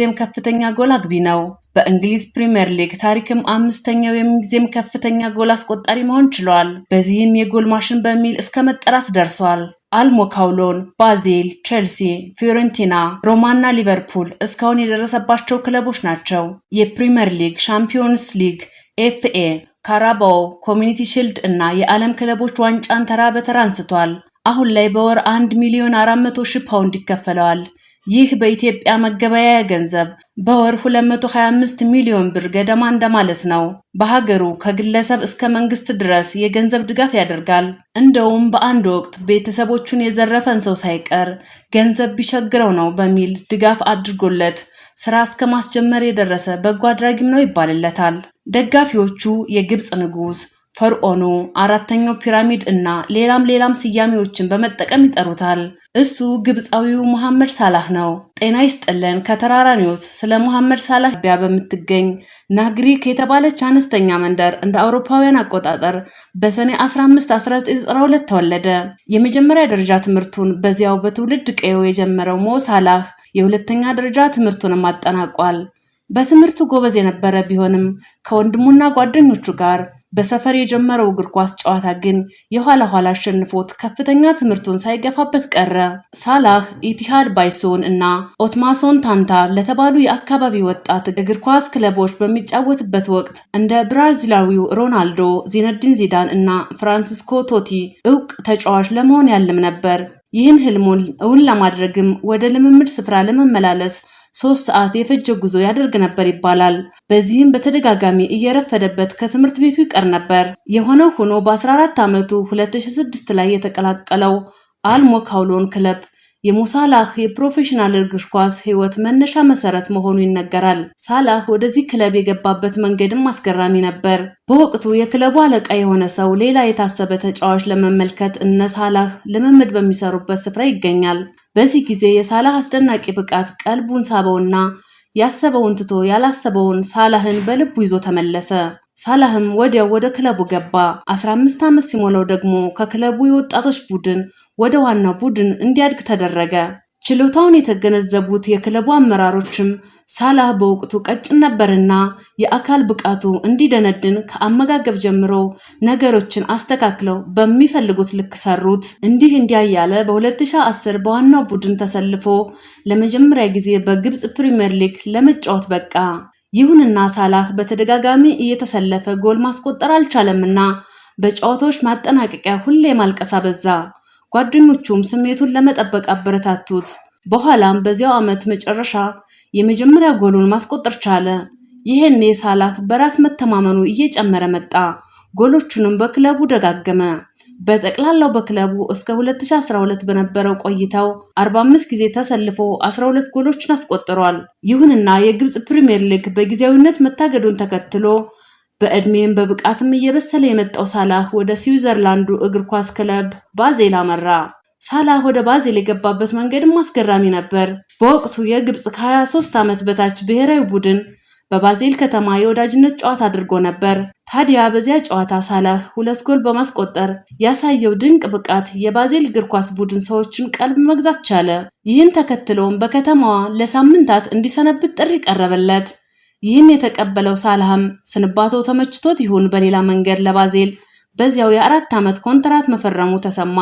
ጊዜም ከፍተኛ ጎል አግቢ ነው። በእንግሊዝ ፕሪምየር ሊግ ታሪክም አምስተኛው የምንጊዜም ከፍተኛ ጎል አስቆጣሪ መሆን ችሏል። በዚህም የጎል ማሽን በሚል እስከ መጠራት ደርሷል። አልሞካውሎን፣ ባዜል፣ ቼልሲ፣ ፊዮረንቲና፣ ሮማና ሊቨርፑል እስካሁን የደረሰባቸው ክለቦች ናቸው። የፕሪምየር ሊግ፣ ሻምፒዮንስ ሊግ፣ ኤፍኤ፣ ካራባኦ፣ ኮሚኒቲ ሽልድ እና የዓለም ክለቦች ዋንጫን ተራ በተራ አንስቷል። አሁን ላይ በወር አንድ ሚሊዮን አራት መቶ ሺህ ፓውንድ ይከፈለዋል። ይህ በኢትዮጵያ መገበያያ ገንዘብ በወር 225 ሚሊዮን ብር ገደማ እንደማለት ነው። በሀገሩ ከግለሰብ እስከ መንግስት ድረስ የገንዘብ ድጋፍ ያደርጋል። እንደውም በአንድ ወቅት ቤተሰቦቹን የዘረፈን ሰው ሳይቀር ገንዘብ ቢቸግረው ነው በሚል ድጋፍ አድርጎለት ስራ እስከ ማስጀመር የደረሰ በጎ አድራጊም ነው ይባልለታል። ደጋፊዎቹ የግብፅ ንጉስ፣ ፈርዖኑ፣ አራተኛው ፒራሚድ እና ሌላም ሌላም ስያሜዎችን በመጠቀም ይጠሩታል። እሱ ግብፃዊው መሐመድ ሳላህ ነው። ጤና ይስጥልን። ከተራራ ኒውስ ስለ መሐመድ ሳላህ ቢያ በምትገኝ ናግሪክ የተባለች አነስተኛ መንደር እንደ አውሮፓውያን አቆጣጠር በሰኔ 15 1992 ተወለደ። የመጀመሪያ ደረጃ ትምህርቱን በዚያው በትውልድ ቀየው የጀመረው ሞ ሳላህ የሁለተኛ ደረጃ ትምህርቱንም አጠናቋል። በትምህርቱ ጎበዝ የነበረ ቢሆንም ከወንድሙና ጓደኞቹ ጋር በሰፈር የጀመረው እግር ኳስ ጨዋታ ግን የኋላ ኋላ አሸንፎት ከፍተኛ ትምህርቱን ሳይገፋበት ቀረ። ሳላህ ኢቲሃድ ባይሶን እና ኦትማሶን ታንታ ለተባሉ የአካባቢ ወጣት እግር ኳስ ክለቦች በሚጫወትበት ወቅት እንደ ብራዚላዊው ሮናልዶ፣ ዚነዲን ዚዳን እና ፍራንሲስኮ ቶቲ እውቅ ተጫዋች ለመሆን ያልም ነበር። ይህን ህልሙን እውን ለማድረግም ወደ ልምምድ ስፍራ ለመመላለስ ሶስት ሰዓት የፈጀ ጉዞ ያደርግ ነበር ይባላል። በዚህም በተደጋጋሚ እየረፈደበት ከትምህርት ቤቱ ይቀር ነበር። የሆነው ሆኖ በ14 ዓመቱ 2006 ላይ የተቀላቀለው አልሞካውሎን ክለብ የሞሳላህ የፕሮፌሽናል እግር ኳስ ህይወት መነሻ መሰረት መሆኑ ይነገራል። ሳላህ ወደዚህ ክለብ የገባበት መንገድም አስገራሚ ነበር። በወቅቱ የክለቡ አለቃ የሆነ ሰው ሌላ የታሰበ ተጫዋች ለመመልከት እነ ሳላህ ልምምድ በሚሰሩበት ስፍራ ይገኛል። በዚህ ጊዜ የሳላህ አስደናቂ ብቃት ቀልቡን ሳበውና ያሰበውን ትቶ ያላሰበውን ሳላህን በልቡ ይዞ ተመለሰ። ሳላህም ወዲያው ወደ ክለቡ ገባ። 15 ዓመት ሲሞላው ደግሞ ከክለቡ የወጣቶች ቡድን ወደ ዋናው ቡድን እንዲያድግ ተደረገ። ችሎታውን የተገነዘቡት የክለቡ አመራሮችም ሳላህ በወቅቱ ቀጭን ነበርና የአካል ብቃቱ እንዲደነድን ከአመጋገብ ጀምሮ ነገሮችን አስተካክለው በሚፈልጉት ልክ ሰሩት። እንዲህ እንዲያያለ ያለ በ2010 በዋናው ቡድን ተሰልፎ ለመጀመሪያ ጊዜ በግብፅ ፕሪምየር ሊግ ለመጫወት በቃ። ይሁንና ሳላህ በተደጋጋሚ እየተሰለፈ ጎል ማስቆጠር አልቻለምና በጨዋታዎች ማጠናቀቂያ ሁሌ ማልቀስ አበዛ። ጓደኞቹም ስሜቱን ለመጠበቅ አበረታቱት። በኋላም በዚያው ዓመት መጨረሻ የመጀመሪያ ጎሉን ማስቆጠር ቻለ። ይህኔ ሳላህ በራስ መተማመኑ እየጨመረ መጣ። ጎሎቹንም በክለቡ ደጋገመ። በጠቅላላው በክለቡ እስከ 2012 በነበረው ቆይታው 45 ጊዜ ተሰልፎ 12 ጎሎችን አስቆጥሯል። ይሁንና የግብፅ ፕሪምየር ሊግ በጊዜያዊነት መታገዱን ተከትሎ በዕድሜም በብቃትም እየበሰለ የመጣው ሳላህ ወደ ስዊዘርላንዱ እግር ኳስ ክለብ ባዜል አመራ። ሳላህ ወደ ባዜል የገባበት መንገድም አስገራሚ ነበር። በወቅቱ የግብፅ ከ23 ዓመት በታች ብሔራዊ ቡድን በባዜል ከተማ የወዳጅነት ጨዋታ አድርጎ ነበር። ታዲያ በዚያ ጨዋታ ሳላህ ሁለት ጎል በማስቆጠር ያሳየው ድንቅ ብቃት የባዜል እግር ኳስ ቡድን ሰዎችን ቀልብ መግዛት ቻለ። ይህን ተከትሎም በከተማዋ ለሳምንታት እንዲሰነብት ጥሪ ቀረበለት። ይህን የተቀበለው ሳልሃም ስንባቶ ተመችቶት ይሁን በሌላ መንገድ ለባዜል በዚያው የአራት ዓመት ኮንትራት መፈረሙ ተሰማ።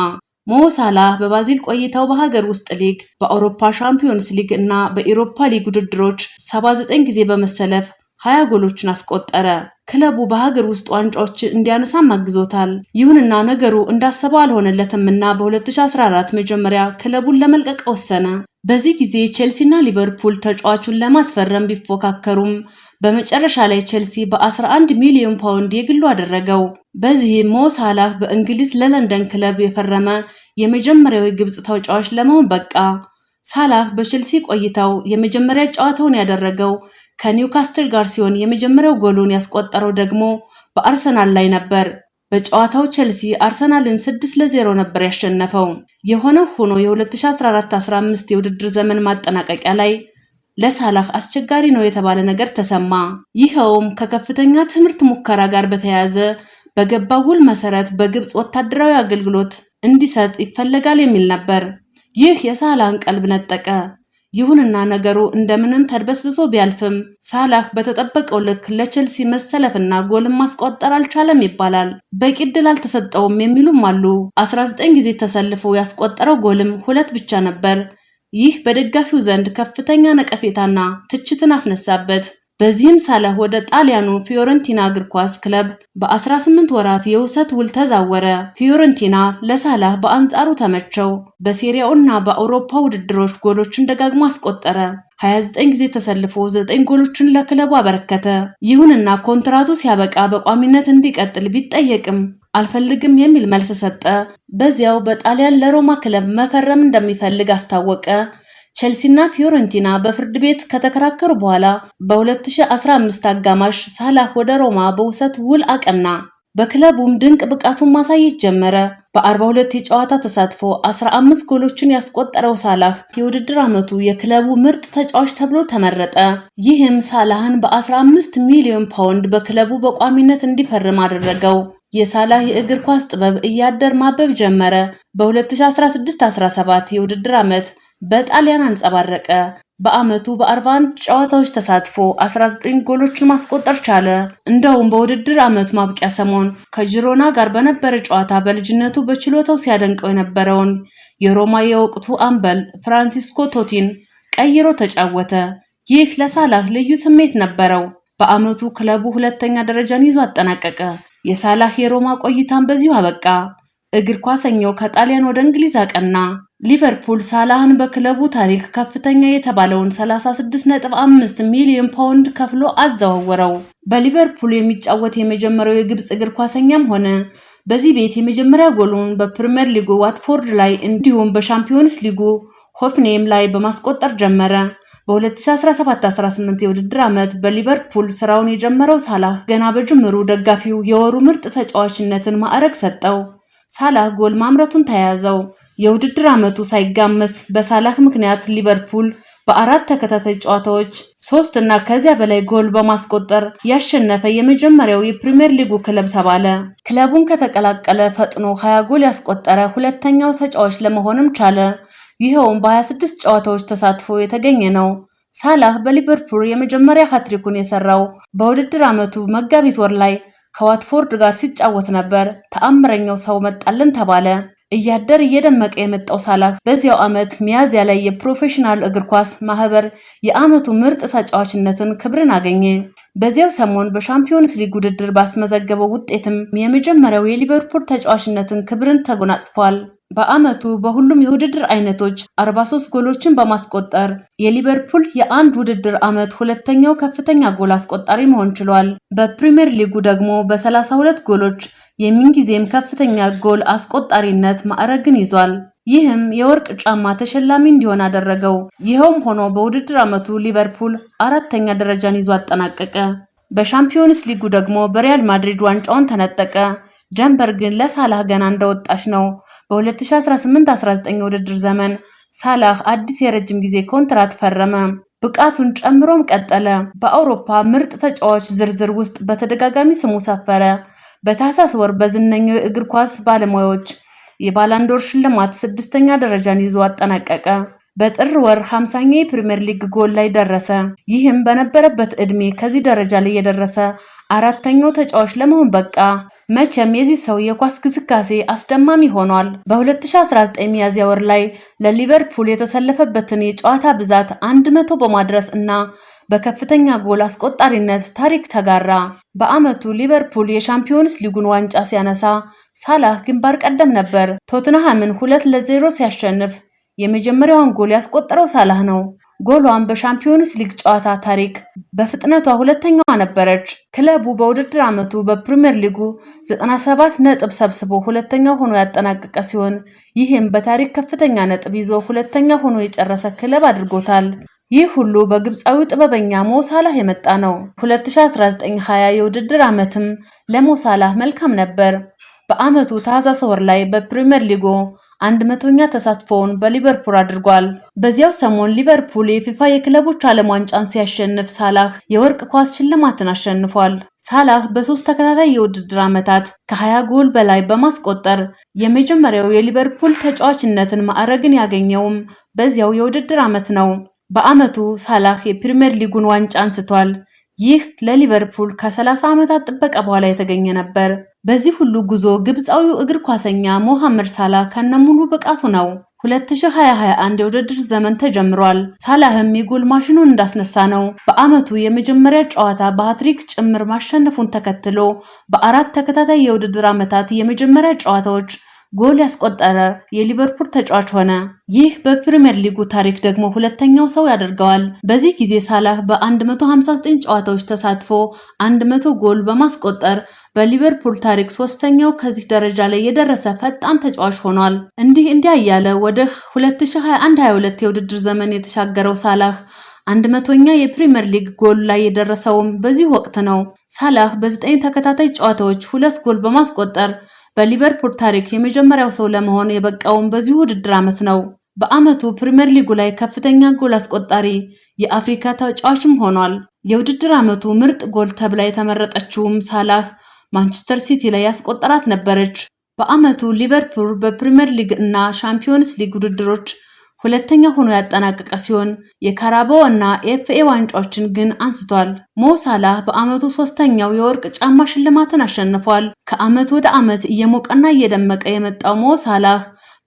ሞ ሳላህ በባዚል ቆይታው በሀገር ውስጥ ሊግ፣ በአውሮፓ ሻምፒዮንስ ሊግ እና በኢሮፓ ሊግ ውድድሮች 79 ጊዜ በመሰለፍ 20 ጎሎችን አስቆጠረ። ክለቡ በሀገር ውስጥ ዋንጫዎች እንዲያነሳም አግዞታል። ይሁንና ነገሩ እንዳሰበው አልሆነለትምና በ2014 መጀመሪያ ክለቡን ለመልቀቅ ወሰነ። በዚህ ጊዜ ቼልሲና ሊቨርፑል ተጫዋቹን ለማስፈረም ቢፎካከሩም በመጨረሻ ላይ ቼልሲ በ11 ሚሊዮን ፓውንድ የግሉ አደረገው። በዚህም ሞ ሳላህ በእንግሊዝ ለለንደን ክለብ የፈረመ የመጀመሪያዊ ግብፅ ተጫዋች ለመሆን በቃ። ሳላህ በቼልሲ ቆይታው የመጀመሪያ ጨዋታውን ያደረገው ከኒውካስትል ጋር ሲሆን የመጀመሪያው ጎሉን ያስቆጠረው ደግሞ በአርሰናል ላይ ነበር። በጨዋታው ቼልሲ አርሰናልን 6 ለ0 ነበር ያሸነፈው። የሆነው ሆኖ የ2014-15 የውድድር ዘመን ማጠናቀቂያ ላይ ለሳላህ አስቸጋሪ ነው የተባለ ነገር ተሰማ። ይኸውም ከከፍተኛ ትምህርት ሙከራ ጋር በተያያዘ በገባው ውል መሰረት በግብፅ ወታደራዊ አገልግሎት እንዲሰጥ ይፈለጋል የሚል ነበር። ይህ የሳላህን ቀልብ ነጠቀ። ይሁንና ነገሩ እንደምንም ተድበስብሶ ቢያልፍም ሳላህ በተጠበቀው ልክ ለቼልሲ መሰለፍና ጎልም ማስቆጠር አልቻለም ይባላል። በቂ እድል አልተሰጠውም የሚሉም አሉ። 19 ጊዜ ተሰልፎ ያስቆጠረው ጎልም ሁለት ብቻ ነበር። ይህ በደጋፊው ዘንድ ከፍተኛ ነቀፌታና ትችትን አስነሳበት። በዚህም ሳላህ ወደ ጣሊያኑ ፊዮረንቲና እግር ኳስ ክለብ በ18 ወራት የውሰት ውል ተዛወረ። ፊዮረንቲና ለሳላህ በአንጻሩ ተመቸው። በሴሪያውና በአውሮፓ ውድድሮች ጎሎችን ደጋግሞ አስቆጠረ። 29 ጊዜ ተሰልፎ 9 ጎሎችን ለክለቡ አበረከተ። ይሁንና ኮንትራቱ ሲያበቃ በቋሚነት እንዲቀጥል ቢጠየቅም አልፈልግም የሚል መልስ ሰጠ። በዚያው በጣሊያን ለሮማ ክለብ መፈረም እንደሚፈልግ አስታወቀ። ቼልሲና ፊዮረንቲና በፍርድ ቤት ከተከራከሩ በኋላ በ2015 አጋማሽ ሳላህ ወደ ሮማ በውሰት ውል አቀና። በክለቡም ድንቅ ብቃቱን ማሳየት ጀመረ። በ42 የጨዋታ ተሳትፎ 15 ጎሎችን ያስቆጠረው ሳላህ የውድድር ዓመቱ የክለቡ ምርጥ ተጫዋች ተብሎ ተመረጠ። ይህም ሳላህን በ15 ሚሊዮን ፓውንድ በክለቡ በቋሚነት እንዲፈርም አደረገው። የሳላህ የእግር ኳስ ጥበብ እያደር ማበብ ጀመረ። በ2016/17 የውድድር ዓመት በጣሊያን አንጸባረቀ። በዓመቱ በ41 ጨዋታዎች ተሳትፎ 19 ጎሎችን ማስቆጠር ቻለ። እንደውም በውድድር ዓመቱ ማብቂያ ሰሞን ከጅሮና ጋር በነበረ ጨዋታ በልጅነቱ በችሎታው ሲያደንቀው የነበረውን የሮማ የወቅቱ አምበል ፍራንሲስኮ ቶቲን ቀይሮ ተጫወተ። ይህ ለሳላህ ልዩ ስሜት ነበረው። በዓመቱ ክለቡ ሁለተኛ ደረጃን ይዞ አጠናቀቀ። የሳላህ የሮማ ቆይታን በዚሁ አበቃ። እግር ኳሰኛው ከጣሊያን ወደ እንግሊዝ አቀና። ሊቨርፑል ሳላህን በክለቡ ታሪክ ከፍተኛ የተባለውን 36.5 ሚሊዮን ፓውንድ ከፍሎ አዘዋወረው። በሊቨርፑል የሚጫወት የመጀመሪያው የግብፅ እግር ኳሰኛም ሆነ። በዚህ ቤት የመጀመሪያ ጎሉን በፕሪምየር ሊጉ ዋትፎርድ ላይ እንዲሁም በሻምፒዮንስ ሊጉ ሆፍኔም ላይ በማስቆጠር ጀመረ። በ2017-18 የውድድር ዓመት በሊቨርፑል ስራውን የጀመረው ሳላህ ገና በጅምሩ ደጋፊው የወሩ ምርጥ ተጫዋችነትን ማዕረግ ሰጠው። ሳላህ ጎል ማምረቱን ተያያዘው። የውድድር ዓመቱ ሳይጋመስ በሳላህ ምክንያት ሊቨርፑል በአራት ተከታታይ ጨዋታዎች ሶስት እና ከዚያ በላይ ጎል በማስቆጠር ያሸነፈ የመጀመሪያው የፕሪምየር ሊጉ ክለብ ተባለ። ክለቡን ከተቀላቀለ ፈጥኖ ሀያ ጎል ያስቆጠረ ሁለተኛው ተጫዋች ለመሆንም ቻለ። ይኸውም በ26 ጨዋታዎች ተሳትፎ የተገኘ ነው። ሳላህ በሊቨርፑል የመጀመሪያ ሃትሪኩን የሰራው በውድድር ዓመቱ መጋቢት ወር ላይ ከዋትፎርድ ጋር ሲጫወት ነበር። ተአምረኛው ሰው መጣልን ተባለ። እያደር እየደመቀ የመጣው ሳላህ በዚያው ዓመት ሚያዝያ ላይ የፕሮፌሽናል እግር ኳስ ማህበር የዓመቱ ምርጥ ተጫዋችነትን ክብርን አገኘ። በዚያው ሰሞን በሻምፒዮንስ ሊግ ውድድር ባስመዘገበው ውጤትም የመጀመሪያው የሊቨርፑል ተጫዋችነትን ክብርን ተጎናጽፏል። በዓመቱ በሁሉም የውድድር አይነቶች 43 ጎሎችን በማስቆጠር የሊቨርፑል የአንድ ውድድር ዓመት ሁለተኛው ከፍተኛ ጎል አስቆጣሪ መሆን ችሏል። በፕሪምየር ሊጉ ደግሞ በ32 ጎሎች የምንጊዜም ከፍተኛ ጎል አስቆጣሪነት ማዕረግን ይዟል። ይህም የወርቅ ጫማ ተሸላሚ እንዲሆን አደረገው። ይኸውም ሆኖ በውድድር ዓመቱ ሊቨርፑል አራተኛ ደረጃን ይዞ አጠናቀቀ። በሻምፒዮንስ ሊጉ ደግሞ በሪያል ማድሪድ ዋንጫውን ተነጠቀ። ጀምፐር ግን ለሳላህ ገና እንደወጣች ነው። በ2018-19 ውድድር ዘመን ሳላህ አዲስ የረጅም ጊዜ ኮንትራት ፈረመ። ብቃቱን ጨምሮም ቀጠለ። በአውሮፓ ምርጥ ተጫዋች ዝርዝር ውስጥ በተደጋጋሚ ስሙ ሰፈረ። በታህሳስ ወር በዝነኛው የእግር ኳስ ባለሙያዎች የባላንዶር ሽልማት ስድስተኛ ደረጃን ይዞ አጠናቀቀ። በጥር ወር ሀምሳኛ የፕሪምየር ሊግ ጎል ላይ ደረሰ። ይህም በነበረበት ዕድሜ ከዚህ ደረጃ ላይ የደረሰ አራተኛው ተጫዋች ለመሆን በቃ። መቼም የዚህ ሰው የኳስ ግስጋሴ አስደማሚ ሆኗል። በ2019 ሚያዝያ ወር ላይ ለሊቨርፑል የተሰለፈበትን የጨዋታ ብዛት 100 በማድረስ እና በከፍተኛ ጎል አስቆጣሪነት ታሪክ ተጋራ። በዓመቱ ሊቨርፑል የሻምፒዮንስ ሊጉን ዋንጫ ሲያነሳ ሳላህ ግንባር ቀደም ነበር። ቶትንሃምን ሁለት ለዜሮ ሲያሸንፍ የመጀመሪያውን ጎል ያስቆጠረው ሳላህ ነው። ጎሏን በሻምፒዮንስ ሊግ ጨዋታ ታሪክ በፍጥነቷ ሁለተኛዋ ነበረች። ክለቡ በውድድር ዓመቱ በፕሪምየር ሊጉ 97 ነጥብ ሰብስቦ ሁለተኛ ሆኖ ያጠናቀቀ ሲሆን ይህም በታሪክ ከፍተኛ ነጥብ ይዞ ሁለተኛ ሆኖ የጨረሰ ክለብ አድርጎታል። ይህ ሁሉ በግብፃዊ ጥበበኛ ሞሳላህ የመጣ ነው። 2019/20 የውድድር ዓመትም ለሞሳላህ መልካም ነበር። በዓመቱ ታህሳስ ወር ላይ በፕሪምየር ሊጉ አንድ መቶኛ ተሳትፎውን በሊቨርፑል አድርጓል። በዚያው ሰሞን ሊቨርፑል የፊፋ የክለቦች ዓለም ዋንጫን ሲያሸንፍ ሳላህ የወርቅ ኳስ ሽልማትን አሸንፏል። ሳላህ በሶስት ተከታታይ የውድድር ዓመታት ከ20 ጎል በላይ በማስቆጠር የመጀመሪያው የሊቨርፑል ተጫዋችነትን ማዕረግን ያገኘውም በዚያው የውድድር ዓመት ነው። በዓመቱ ሳላህ የፕሪምየር ሊጉን ዋንጫ አንስቷል። ይህ ለሊቨርፑል ከ30 ዓመታት ጥበቃ በኋላ የተገኘ ነበር። በዚህ ሁሉ ጉዞ ግብፃዊው እግር ኳሰኛ ሞሐመድ ሳላህ ከነሙሉ ብቃቱ ነው 2021 የውድድር ዘመን ተጀምሯል። ሳላህም የጎል ማሽኑን እንዳስነሳ ነው። በዓመቱ የመጀመሪያ ጨዋታ በሀትሪክ ጭምር ማሸነፉን ተከትሎ በአራት ተከታታይ የውድድር ዓመታት የመጀመሪያ ጨዋታዎች ጎል ያስቆጠረ የሊቨርፑል ተጫዋች ሆነ። ይህ በፕሪምየር ሊጉ ታሪክ ደግሞ ሁለተኛው ሰው ያደርገዋል። በዚህ ጊዜ ሳላህ በ159 ጨዋታዎች ተሳትፎ 100 ጎል በማስቆጠር በሊቨርፑል ታሪክ ሶስተኛው ከዚህ ደረጃ ላይ የደረሰ ፈጣን ተጫዋች ሆኗል። እንዲህ እንዲያ እያለ ወደ 2021/22 የውድድር ዘመን የተሻገረው ሳላህ አንድ መቶኛ የፕሪምየር ሊግ ጎል ላይ የደረሰውም በዚህ ወቅት ነው። ሳላህ በዘጠኝ ተከታታይ ጨዋታዎች ሁለት ጎል በማስቆጠር በሊቨርፑል ታሪክ የመጀመሪያው ሰው ለመሆን የበቃውን በዚሁ ውድድር ዓመት ነው። በዓመቱ ፕሪምየር ሊጉ ላይ ከፍተኛ ጎል አስቆጣሪ የአፍሪካ ተጫዋችም ሆኗል። የውድድር ዓመቱ ምርጥ ጎል ተብላ የተመረጠችውም ሳላህ ማንቸስተር ሲቲ ላይ ያስቆጠራት ነበረች። በዓመቱ ሊቨርፑል በፕሪምየር ሊግ እና ሻምፒዮንስ ሊግ ውድድሮች ሁለተኛ ሆኖ ያጠናቀቀ ሲሆን የካራባው እና ኤፍኤ ዋንጫዎችን ግን አንስቷል። ሞሳላ ሳላህ በዓመቱ ሶስተኛው የወርቅ ጫማ ሽልማትን አሸንፏል። ከአመት ወደ ዓመት እየሞቀና እየደመቀ የመጣው ሞ ሳላህ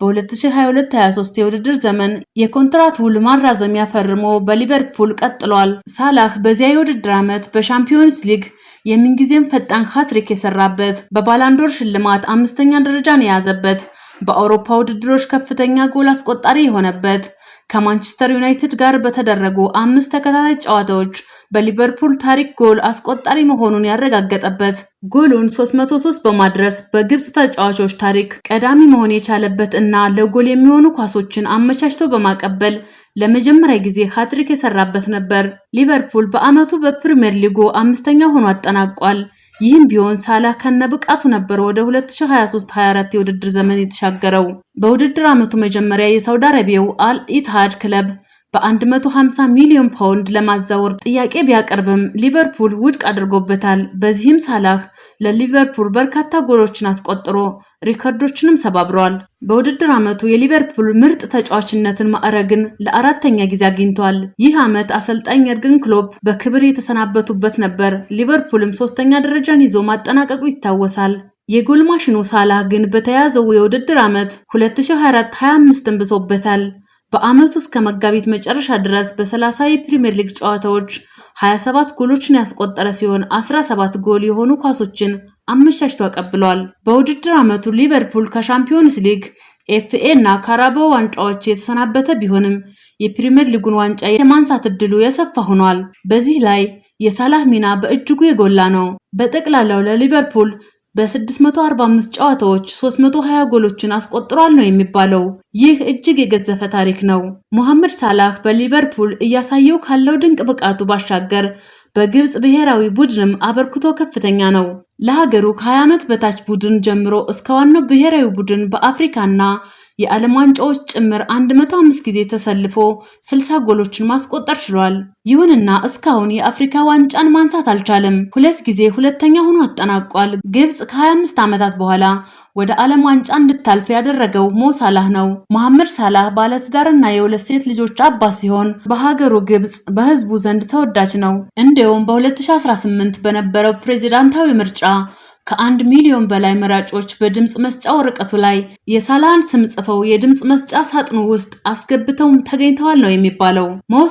በ2022-23 የውድድር ዘመን የኮንትራት ውል ማራዘሚያ ፈርሞ በሊቨርፑል ቀጥሏል። ሳላህ በዚያ የውድድር ዓመት በሻምፒዮንስ ሊግ የምንጊዜም ፈጣን ሃትሪክ የሰራበት፣ በባላንዶር ሽልማት አምስተኛ ደረጃን የያዘበት በአውሮፓ ውድድሮች ከፍተኛ ጎል አስቆጣሪ የሆነበት ከማንቸስተር ዩናይትድ ጋር በተደረጉ አምስት ተከታታይ ጨዋታዎች በሊቨርፑል ታሪክ ጎል አስቆጣሪ መሆኑን ያረጋገጠበት ጎሉን 303 በማድረስ በግብፅ ተጫዋቾች ታሪክ ቀዳሚ መሆን የቻለበት እና ለጎል የሚሆኑ ኳሶችን አመቻችቶ በማቀበል ለመጀመሪያ ጊዜ ሃትሪክ የሰራበት ነበር። ሊቨርፑል በዓመቱ በፕሪምየር ሊጉ አምስተኛ ሆኖ አጠናቋል። ይህም ቢሆን ሳላ ከነ ብቃቱ ነበር ወደ 2023/24 የውድድር ዘመን የተሻገረው። በውድድር ዓመቱ መጀመሪያ የሳውዲ አረቢያው አልኢትሃድ ክለብ በ150 ሚሊዮን ፓውንድ ለማዛወር ጥያቄ ቢያቀርብም ሊቨርፑል ውድቅ አድርጎበታል። በዚህም ሳላህ ለሊቨርፑል በርካታ ጎሎችን አስቆጥሮ ሪከርዶችንም ሰባብሯል። በውድድር ዓመቱ የሊቨርፑል ምርጥ ተጫዋችነትን ማዕረግን ለአራተኛ ጊዜ አግኝቷል። ይህ ዓመት አሰልጣኝ የርገን ክሎፕ በክብር የተሰናበቱበት ነበር። ሊቨርፑልም ሶስተኛ ደረጃን ይዞ ማጠናቀቁ ይታወሳል። የጎል ማሽኑ ሳላህ ግን በተያዘው የውድድር ዓመት 2024/25ን ብሶበታል። በዓመቱ እስከ መጋቢት መጨረሻ ድረስ በሰላሳ የፕሪምየር ሊግ ጨዋታዎች 27 ጎሎችን ያስቆጠረ ሲሆን 17 ጎል የሆኑ ኳሶችን አመቻችቶ አቀብሏል። በውድድር ዓመቱ ሊቨርፑል ከሻምፒዮንስ ሊግ፣ ኤፍኤ እና ካራባ ዋንጫዎች የተሰናበተ ቢሆንም የፕሪምየር ሊጉን ዋንጫ የማንሳት ዕድሉ የሰፋ ሆኗል። በዚህ ላይ የሳላህ ሚና በእጅጉ የጎላ ነው። በጠቅላላው ለሊቨርፑል በ645 ጨዋታዎች 320 ጎሎችን አስቆጥሯል ነው የሚባለው። ይህ እጅግ የገዘፈ ታሪክ ነው። ሞሐመድ ሳላህ በሊቨርፑል እያሳየው ካለው ድንቅ ብቃቱ ባሻገር በግብፅ ብሔራዊ ቡድንም አበርክቶ ከፍተኛ ነው። ለሀገሩ ከ20 ዓመት በታች ቡድን ጀምሮ እስከ ዋናው ብሔራዊ ቡድን በአፍሪካና የዓለም ዋንጫዎች ጭምር 105 ጊዜ ተሰልፎ 60 ጎሎችን ማስቆጠር ችሏል። ይሁንና እስካሁን የአፍሪካ ዋንጫን ማንሳት አልቻለም። ሁለት ጊዜ ሁለተኛ ሆኖ አጠናቋል። ግብጽ ከ25 ዓመታት በኋላ ወደ ዓለም ዋንጫ እንድታልፍ ያደረገው ሞ ሳላህ ነው። መሐመድ ሳላህ ባለትዳርና የሁለት ሴት ልጆች አባት ሲሆን በሀገሩ ግብጽ በህዝቡ ዘንድ ተወዳጅ ነው። እንዲሁም በ2018 በነበረው ፕሬዚዳንታዊ ምርጫ ከአንድ ሚሊዮን በላይ መራጮች በድምፅ መስጫ ወረቀቱ ላይ የሳላህን ስም ጽፈው የድምፅ መስጫ ሳጥኑ ውስጥ አስገብተውም ተገኝተዋል ነው የሚባለው። ሞ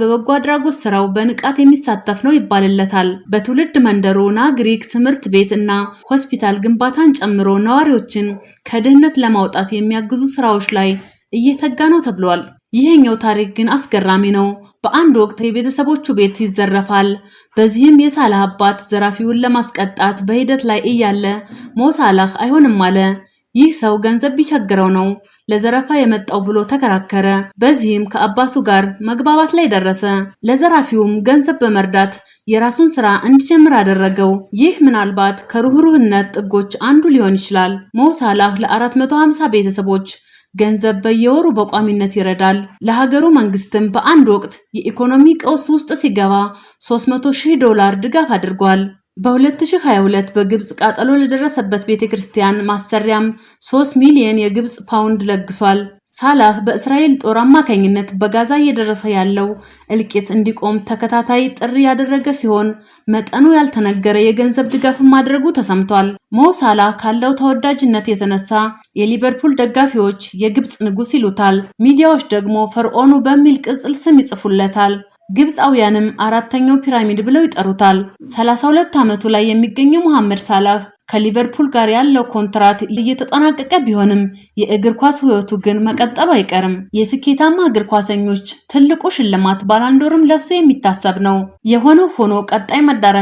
በበጎ አድራጎት ስራው በንቃት የሚሳተፍ ነው ይባልለታል። በትውልድ መንደሩ ናግሪክ ትምህርት ቤት እና ሆስፒታል ግንባታን ጨምሮ ነዋሪዎችን ከድህነት ለማውጣት የሚያግዙ ስራዎች ላይ እየተጋ ነው ተብሏል። ይሄኛው ታሪክ ግን አስገራሚ ነው። በአንድ ወቅት የቤተሰቦቹ ቤት ይዘረፋል። በዚህም የሳላህ አባት ዘራፊውን ለማስቀጣት በሂደት ላይ እያለ ሞሳላህ አይሆንም አለ። ይህ ሰው ገንዘብ ቢቸግረው ነው ለዘረፋ የመጣው ብሎ ተከራከረ። በዚህም ከአባቱ ጋር መግባባት ላይ ደረሰ። ለዘራፊውም ገንዘብ በመርዳት የራሱን ስራ እንዲጀምር አደረገው። ይህ ምናልባት ከሩህሩህነት ጥጎች አንዱ ሊሆን ይችላል። ሞሳላህ ለ450 ቤተሰቦች ገንዘብ በየወሩ በቋሚነት ይረዳል። ለሀገሩ መንግስትም በአንድ ወቅት የኢኮኖሚ ቀውስ ውስጥ ሲገባ 300 ዶላር ድጋፍ አድርጓል። በ2022 በግብፅ ቃጠሎ ለደረሰበት ቤተ ክርስቲያን ማሰሪያም 3 ሚሊዮን የግብፅ ፓውንድ ለግሷል። ሳላህ በእስራኤል ጦር አማካኝነት በጋዛ እየደረሰ ያለው እልቂት እንዲቆም ተከታታይ ጥሪ ያደረገ ሲሆን መጠኑ ያልተነገረ የገንዘብ ድጋፍ ማድረጉ ተሰምቷል። ሞ ሳላህ ካለው ተወዳጅነት የተነሳ የሊቨርፑል ደጋፊዎች የግብፅ ንጉስ ይሉታል። ሚዲያዎች ደግሞ ፈርዖኑ በሚል ቅጽል ስም ይጽፉለታል። ግብፃውያንም አራተኛው ፒራሚድ ብለው ይጠሩታል። 32 ዓመቱ ላይ የሚገኘው መሐመድ ሳላህ ከሊቨርፑል ጋር ያለው ኮንትራት እየተጠናቀቀ ቢሆንም የእግር ኳስ ህይወቱ ግን መቀጠሉ አይቀርም። የስኬታማ እግር ኳሰኞች ትልቁ ሽልማት ባላንዶርም ለሱ የሚታሰብ ነው። የሆነው ሆኖ ቀጣይ መዳረ